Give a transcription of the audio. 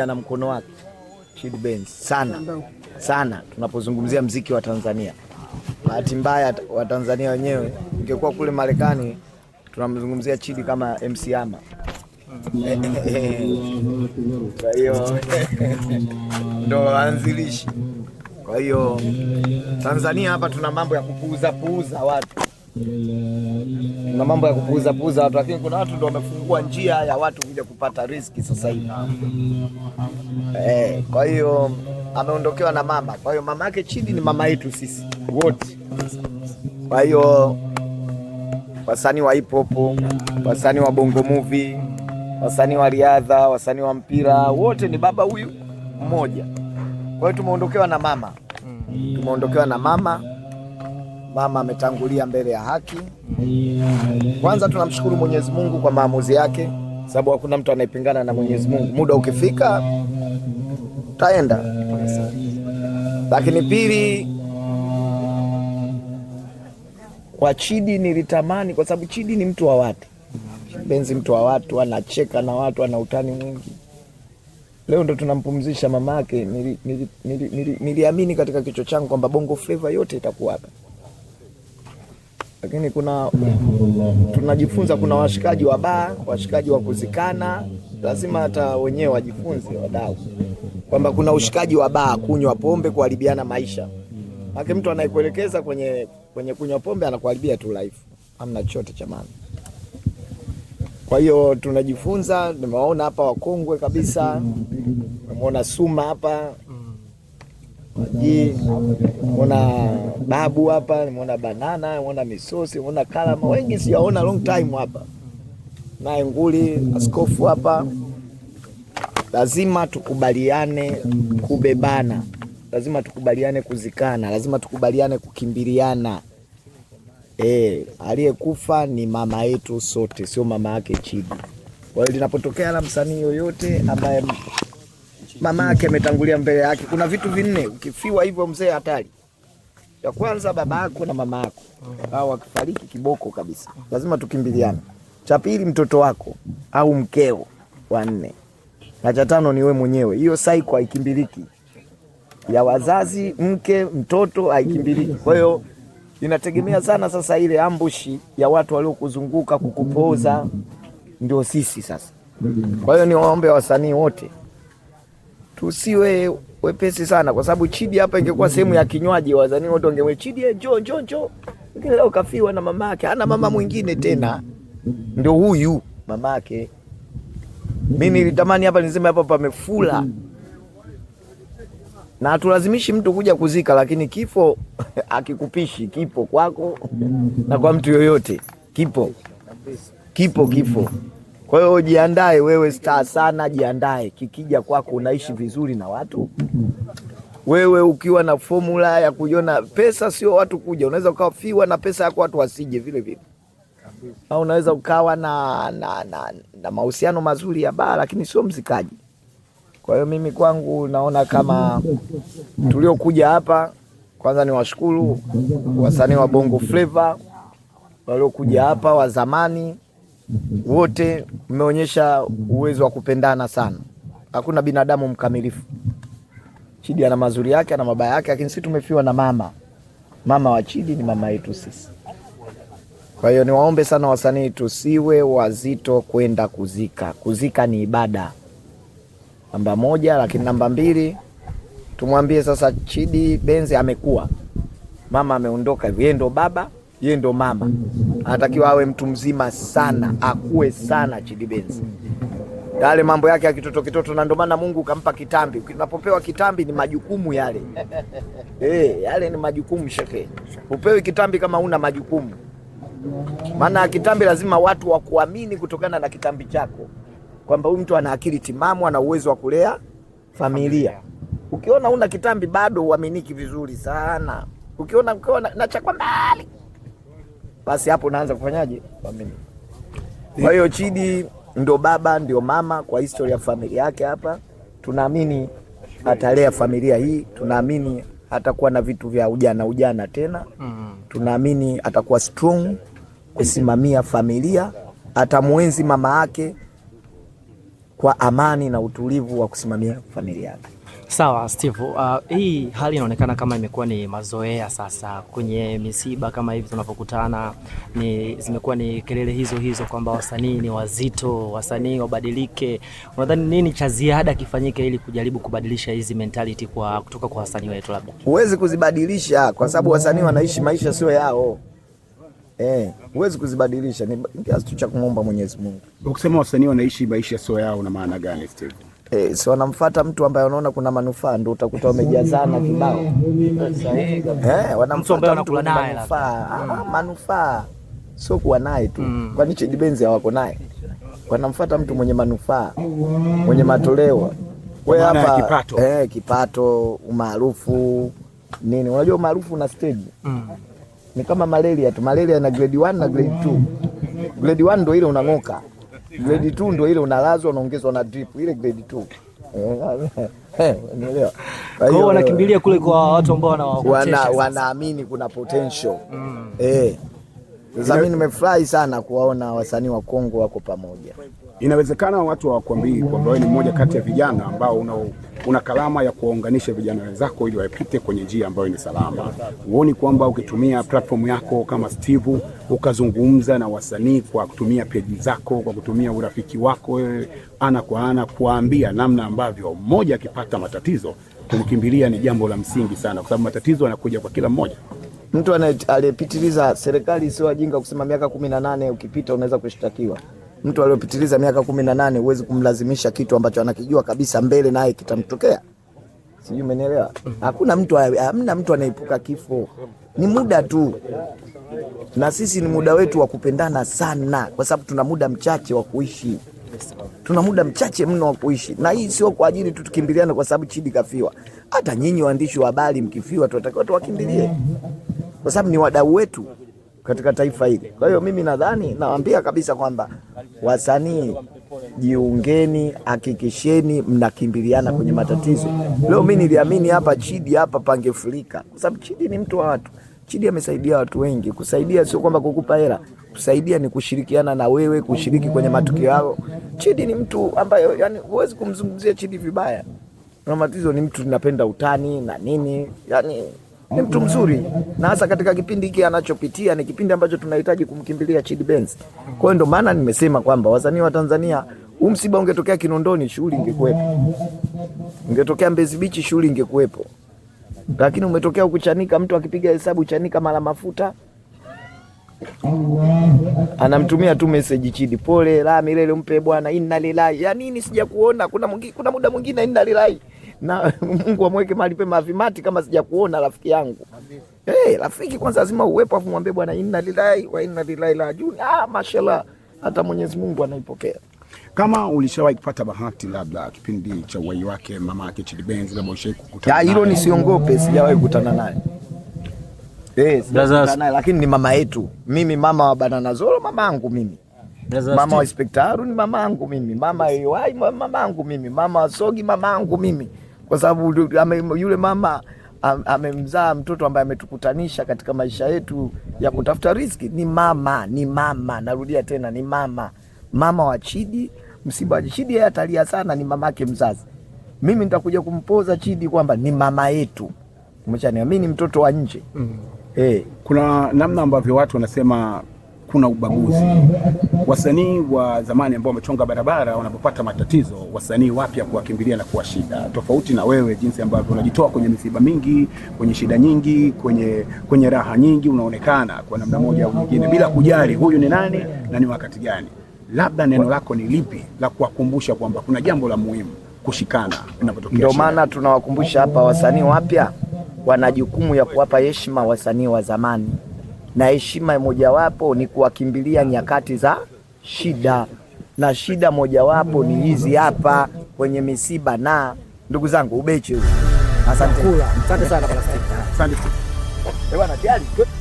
ana mkono wake Chid Benz sana sana, tunapozungumzia mziki wa Tanzania. Bahati mbaya wa Tanzania wenyewe, ingekuwa kule Marekani tunamzungumzia Chidi kama MC Ama. Kwa hiyo ndo anzilishi. Kwa hiyo Tanzania hapa tuna mambo ya kupuuza puuza watu na mambo ya kupuuza puuza watu, lakini kuna watu ndio wamefungua njia ya watu kuja kupata riziki sasa hivi eh, eh. Kwa hiyo ameondokewa na mama, kwa hiyo mama yake Chidi ni mama yetu sisi wote. Kwa hiyo wasanii wa hip hop, wasanii wa bongo movie, wasanii wa riadha, wasanii wa mpira, wote ni baba huyu mmoja. Kwa hiyo tumeondokewa na mama, mm. tumeondokewa na mama mama ametangulia mbele ya haki. Kwanza tunamshukuru Mwenyezi Mungu kwa maamuzi yake, sababu hakuna mtu anayepingana na Mwenyezi Mungu. Muda ukifika taenda, lakini pili kwa Chidi nilitamani, kwa sababu Chidi ni mtu wa watu, Benzi mtu wa watu, anacheka na watu, ana utani mwingi. Leo ndo tunampumzisha mama yake. Niliamini nili, nili, nili, nili katika kichwa changu kwamba Bongo fleva yote itakuwaka lakini kuna tunajifunza, kuna washikaji wa baa, washikaji wa kuzikana, lazima hata wenyewe wajifunze wadau kwamba kuna ushikaji wa baa, kunywa pombe, kuharibiana maisha. Maana mtu anayekuelekeza kwenye, kwenye kunywa pombe anakuharibia tu life, hamna chochote cha maana. Kwa hiyo tunajifunza, nimewaona hapa wakongwe kabisa, nimeona Suma hapa maji, mona babu hapa, nimeona banana, mwona misosi, mwona kalama, wengi siyaona long time hapa, naye nguli askofu hapa. Lazima tukubaliane kubebana, lazima tukubaliane kuzikana, lazima tukubaliane kukimbiliana. E, aliyekufa ni mama yetu sote, sio mama yake Chidi. Kwa hiyo linapotokea la msanii yoyote ambaye mama yake ametangulia mbele yake. Kuna vitu vinne ukifiwa hivyo, mzee hatari. Ya kwanza baba yako na mama yako, mm-hmm. au akifariki kiboko kabisa, lazima tukimbiliana. Cha pili mtoto wako au mkeo wa nne, na cha tano ni we mwenyewe. Hiyo saiko haikimbiliki, ya wazazi, mke, mtoto haikimbiliki. Kwa hiyo inategemea sana sasa ile ambushi ya watu waliokuzunguka kukupoza, ndio sisi sasa. Kwa hiyo niwaombe wasanii wote tusiwe wepesi sana, kwa sababu Chidi hapa ingekuwa sehemu ya kinywaji, wazani wote wangemwe Chidi, eh, jo njoo njoo, lakini leo kafiwa na mama yake, hana mama mwingine tena, ndio huyu mama yake. Mi nilitamani hapa niseme hapa pamefula, na tulazimishi mtu kuja kuzika, lakini kifo akikupishi kipo kwako na kwa mtu yoyote, kipo kipo kifo. Kwa hiyo jiandae wewe star sana, jiandae kikija kwako, unaishi vizuri na watu. Wewe ukiwa na formula ya kujiona pesa, sio watu kuja, unaweza ukafiwa na pesa yako watu wasije vile vile, au unaweza ukawa na, na, na, na mahusiano mazuri ya baa, lakini sio mzikaji. Kwa hiyo mimi kwangu naona kama tuliokuja hapa, kwanza ni washukuru wasanii wa Bongo Flava waliokuja hapa wa zamani wote mmeonyesha uwezo wa kupendana sana. Hakuna binadamu mkamilifu, Chidi ana mazuri yake, ana mabaya yake, lakini sisi tumefiwa na mama. Mama wa Chidi ni mama yetu sisi. Kwa hiyo niwaombe sana wasanii, tusiwe wazito kwenda kuzika. Kuzika ni ibada, namba moja. Lakini namba mbili, tumwambie sasa Chidi benzi amekuwa, mama ameondoka, yeye ndo baba yeye ndo mama, anatakiwa awe mtu mzima sana, akue sana Chidi Benz yale mambo yake ya kitoto kitoto, na ndio maana Mungu kampa kitambi. Unapopewa kitambi ni majukumu yale e, yale ni majukumu shekhe, upewi kitambi kama una majukumu. Maana kitambi lazima watu wakuamini kutokana na kitambi chako, kwamba huyu mtu ana akili timamu, ana uwezo wa kulea familia. Ukiona una kitambi bado uaminiki vizuri sana, ukiona ukiona na cha kwa mbali basi hapo naanza kufanyaje kuamini. Kwa hiyo Chidi ndo baba ndio mama kwa historia ya familia yake hapa. Tunaamini atalea familia hii, tunaamini atakuwa na vitu vya ujana ujana tena, mm-hmm. tunaamini atakuwa strong kusimamia familia, atamwenzi mama yake kwa amani na utulivu wa kusimamia familia yake. Sawa Steve, uh, hii hali inaonekana kama imekuwa ni mazoea sasa. Kwenye misiba kama hivi tunapokutana, ni zimekuwa ni kelele hizo hizo kwamba wasanii ni wazito, wasanii wabadilike. Unadhani nini cha ziada kifanyike ili kujaribu kubadilisha hizi mentality kwa kutoka kwa wasanii wetu? Labda huwezi kuzibadilisha kwa sababu wasanii wanaishi maisha sio yao. Eh, huwezi kuzibadilisha, ni kiasi tu cha kumwomba Mwenyezi Mungu. Ukisema wasanii wanaishi maisha sio yao, una maana gani Steve? Eh, si wanamfuata mtu ambaye wanaona kuna manufaa, ndo utakuta wamejazana kibao. Mm-hmm. Eh, wanamfuata mtu kwa manufaa, ah, mm. manufaa sio kuwa naye tu, mm. kwani Chidi Benz hawako naye, wanamfuata mtu mwenye manufaa, mwenye matoleo. Wewe hapa kipato, eh, kipato, umaarufu nini. Unajua umaarufu na stage mm. Ni kama malaria tu, malaria na grade 1 na grade 2. Grade 1 ndo ile unang'oka grade 2 ndio ile unalazwa unaongezwa na drip ile grade 2. Eh, kwa hiyo wanakimbilia kule kwa mm, watu ambao wana wanaamini kuna potential mm. Eh. Sasa mimi nimefurahi sana kuwaona wasanii wa Kongo wako pamoja. Inawezekana watu hawakuambii kwamba wewe ni mmoja kati ya vijana ambao una una kalama ya kuwaunganisha vijana wenzako ili waepite kwenye njia ambayo ni salama. Huoni kwamba ukitumia platform yako kama Steve ukazungumza na wasanii kwa kutumia peji zako, kwa kutumia urafiki wako ana kwa ana, kuwaambia namna ambavyo mmoja akipata matatizo kumkimbilia ni jambo la msingi sana, kwa sababu matatizo yanakuja kwa kila mmoja. Mtu anayepitiliza, serikali sio ajinga kusema miaka kumi na nane ukipita unaweza kushtakiwa. Mtu aliyopitiliza miaka kumi na nane huwezi kumlazimisha kitu ambacho anakijua kabisa mbele naye kitamtokea. Sijui umenielewa? Mm-hmm. Hakuna mtu, hamna mtu anaepuka kifo, ni muda tu, na sisi ni muda wetu wa kupendana sana, kwa sababu tuna muda mchache wa kuishi tuna muda mchache mno wa kuishi, na hii sio kwa ajili tu tukimbiliane kwa sababu Chidi kafiwa. Hata nyinyi waandishi wa habari mkifiwa, tunatakiwa tuwakimbilie, kwa sababu ni wadau wetu katika taifa hili. Kwa hiyo mimi nadhani nawaambia kabisa kwamba wasanii jiungeni, hakikisheni mnakimbiliana kwenye matatizo. Leo mimi niliamini hapa Chidi hapa pangefurika, kwa sababu Chidi ni mtu wa watu. Chidi amesaidia watu wengi. Kusaidia sio kwamba kukupa hela, kusaidia ni kushirikiana na wewe, kushiriki kwenye matukio yao. Chidi ni mtu ambaye, yani, huwezi kumzungumzia Chidi vibaya. Na matatizo ni mtu, napenda utani na nini, yani ni mtu mzuri, na hasa katika kipindi hiki anachopitia ni kipindi ambacho tunahitaji kumkimbilia Chidi Benz. Kwa hiyo ndio maana nimesema kwamba wasanii wa Tanzania, huu msiba ungetokea Kinondoni, shughuli ingekuwepo, ungetokea Mbezi Beach, shughuli ingekuwepo, lakini umetokea huku Chanika, mtu akipiga hesabu Chanika mara mafuta anamtumia tu meseji Chidi, pole la milele, mpe bwana, inna lilahi ya nini? sijakuona? kuna, mungi, kuna muda mwingine inna lilahi na Mungu amweke mahali pema vimati kama sijakuona rafiki yangu. Eh, Hey, rafiki kwanza lazima uwepo, afu mwambie Bwana inna lillahi wa inna ilaihi rajiun. Ah, mashallah, hata Mwenyezi Mungu anaipokea. Kama ulishawahi kupata bahati labda kipindi cha uwai wake mama yake Chidi Benz, labda ushawahi kukutana naye? Hilo nisiongope, sijawahi kukutana naye Eh, Yes, naye lakini ni mama yetu. Mimi mama wa Banana Zoro mamangu mimi. Brother mama wa Inspekta Harun mamangu mimi. Mama wa Yohai mamangu mimi. Mama wa Sogi mamangu mimi kwa sababu yule mama amemzaa mtoto ambaye ametukutanisha katika maisha yetu ya kutafuta riziki. Ni mama, ni mama, narudia tena, ni mama, mama wa Chidi. Msiba wa Chidi yeye atalia sana, ni mamake mzazi. Mimi nitakuja kumpoza Chidi kwamba ni mama yetu, ni mtoto wa nje mm. Hey. Eh. Kuna namna ambavyo watu wanasema kuna ubaguzi. Wasanii wa zamani ambao wamechonga barabara wanapopata matatizo, wasanii wapya kuwakimbilia na kuwa shida tofauti na wewe, jinsi ambavyo unajitoa kwenye misiba mingi, kwenye shida nyingi, kwenye, kwenye raha nyingi, unaonekana kwa namna moja au nyingine, bila kujali huyu ni nani na ni wakati gani. Labda neno lako ni lipi la kuwakumbusha kwamba kuna jambo la muhimu kushikana inapotokea? Ndio maana tunawakumbusha hapa, wasanii wapya wana jukumu ya kuwapa heshima wasanii wa zamani na heshima mojawapo ni kuwakimbilia nyakati za shida, na shida mojawapo ni hizi hapa kwenye misiba. Na ndugu zangu, ubeche. Asante sana. Asante sana. Eh,